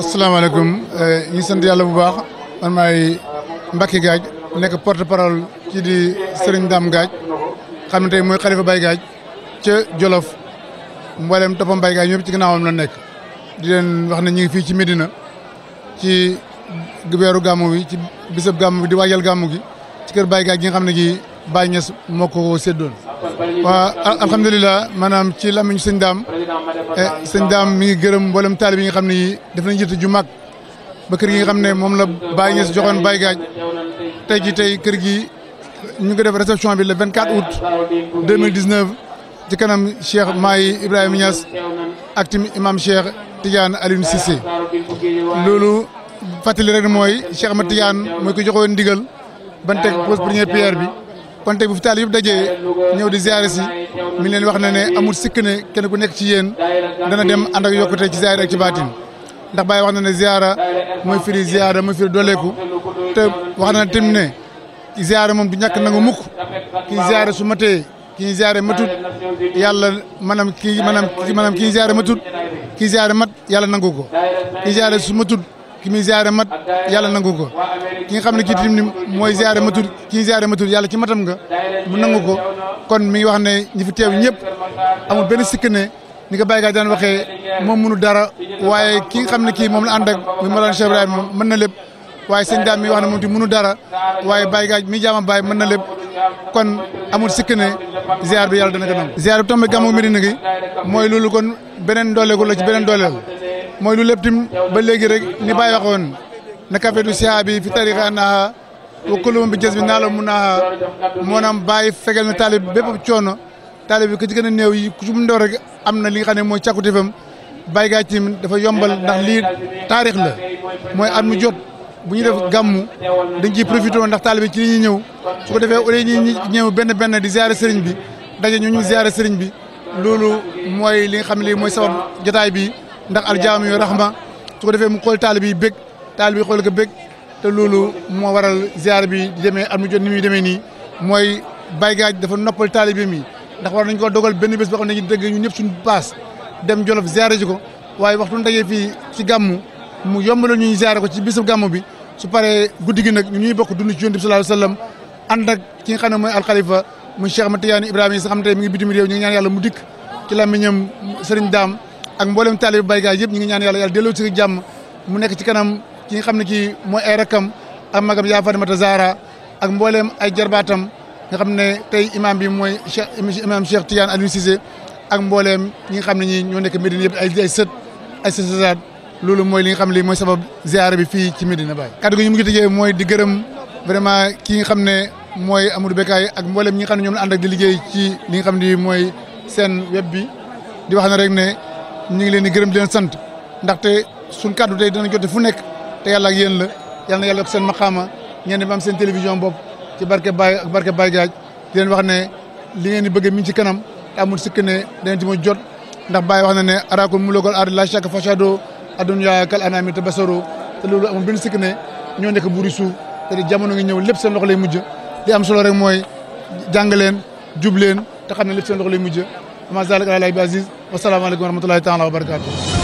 asalaamaaleykum eh, ñu sant yàlla bu baax man maay Mbacke Gadj nekk porte parole ci di sëriñ Dame Gadj xam ne tey mooy xalifa Baye Gadj ca Jolof mboolem toppam Baye Gadj ñëpp ci ginnaawam la nekk di leen wax ne ñu ngi fii ci Medina ci weeru gàmmu bi ci bisab gàmmu bi di waajal gàmmu gi ci kër Baye Gadj gi xam ne gi bañes moko seddon wa séddoon manam ci lamiñ seigne dam eh, seigne dam mi ngi gërëm talib yi nga xamni def nañ jëtt ju mag ba kër gi nga xamne mom la bañes joxone bay Gaaj tay ji tay kër gi ñu ngi def reception bi le 24 août 2019 ci kanam Cheikh may ibrahim Niass ak tim imam Cheikh Tidiane alim Cissé lolu fatali rek moy Cheikh Ahmed Tidiane mooy ko joxone ndigal ban teg pose premier pierre bi kon tey bu fi taal yëpp dajee ñëw di ziare si mi leen wax na ne amul sikk ne kenn ku nekk ci yéen dana dem ànd ak yokkute ci ziare ak ci baatin ndax Baye wax na ne ziara mooy firi ziara mooy firi doleeku te wax na ne tamit ne ziara moom du ñàkk nangu mukk kii ziara su matee kii ziara matut yàlla maanaam kii maanaam kii maanaam kii ziara matut kii ziara mat yàlla nangu ko kii ziara su matut ki muy ziare mat yàlla nangu ko ki nga xam ne ki tim ni mooy ziare matul ki ziare matul yàlla ci matam nga mu nangu ko kon mi wax ne ñi fi teew ñëpp amul benn sikk ne ni ko Baye Gaye daan moom mënu dara waaye ki nga xam kii moom la ànd ak muy Mawlana Cheikh mën na lépp waaye sëñ daam mi wax ne moom ti mënu dara waaye Baye Gaye mi jaama Baye mën na lépp kon amul sikk ne ziar bi yàlla dana ko nangu ziar bi tombe gàmmu Medina gi mooy loolu kon beneen dooleeku la ci beneen dooleel mooy lu lépp tim ba léegi rek ni baay waxoon na café du siha bi fi tarixa naaha wa kulum bi jës bi naa la mu naaha moonaam bàyyi fegal na taalib bépp coono taalib bi ku ci gën a néew yi ku ci mu ndaw rek am na li nga xam ne mooy càkkutéefam bàyyi gaa dafa yombal ndax lii taarix la mooy at mu jot bu ñu def gàmmu dañ ciy profité ndax taalibe ci li ñuy ñëw su ko defee ole lieu ñi ñëw benn benn di ziare sëriñ bi daje ñu ñu ziare sëriñ bi loolu mooy li nga xam lii mooy sabab jotaay bi ndax aljaami yu rahma su ko defee mu xool taalibe yi bég taalibe yi xool ko bég te loolu moo waral ziar bi di demee at mu jot ni muy demee nii mooy baygaaj dafa noppal taalibe mi ndax war nañ ko dogal benn bés boo xam ne dañuy dëgg ñu ñëpp suñu paas dem Jolof ziare ji ko waaye waxtu ndaje fii ci gàmmu mu yomb la ñuy ziare ko ci bisu gàmmu bi su paree guddi gi nag ñu ñuy bokk dund ci yonent bi sallallahu alayhi wasallam ànd ak ki nga xam ne mooy alxalifa mu Cheikh Matiyaani Ibrahima yi nga xam ne tey mi ngi bitim réew yàlla mu dikk ci làmmiñam sëriñ daam ak mboolem taalib baygaay yëpp ñu ngi ñaan yàlla yàlla delloo ci jàmm mu nekk ci kanam ki nga xam ne kii mooy ay rakam ak magam yaa Fatimata Zahra ak mbooleem ay jarbaatam nga xam ne tey imam bi mooy cheikh imam Cheikh Tidiane Aliou Cissé ak mbooleem ñi nga xam ne ñi ñoo nekk Médine yëpp ay ay sët ay sësaat loolu mooy li nga xam ne mooy sabab ziara bi fii ci Médina Baye kaddu gi ñu mooy di gërëm vraiment ki nga xam ne mooy Amadou Bekaay ak mbooleem ñi nga xam ne ñoom la ànd ak liggéey ci li nga xam ne mooy seen web bi di wax na rek ne ñu ngi leen di gërëm di leen sant ndaxte suñ kàddu tey dana jote fu nekk te yàlla ak yéen la yal na yàlla ak seen maqaama ngeen di am seen télévision bopp ci barke Baye ak barke Baye Diagne di wax ne li ngeen di bëgg mi ngi ci kanam te amul sikk ne danañ ci jot ndax Baye wax na ne araakum mulukal ardi laa shakka fashado adunya kal anami tabasaro te loolu amul benn sikk ne ñoo nekk buuri suuf te di jamono ngi ñëw lépp seen loxo lay mujj li am solo rek mooy jàng leen jub leen te xam ne lépp seen loxo lay mujj ama zalik ala bi wasalaamaaleykum wa rahmatulahi taala wa barakaatu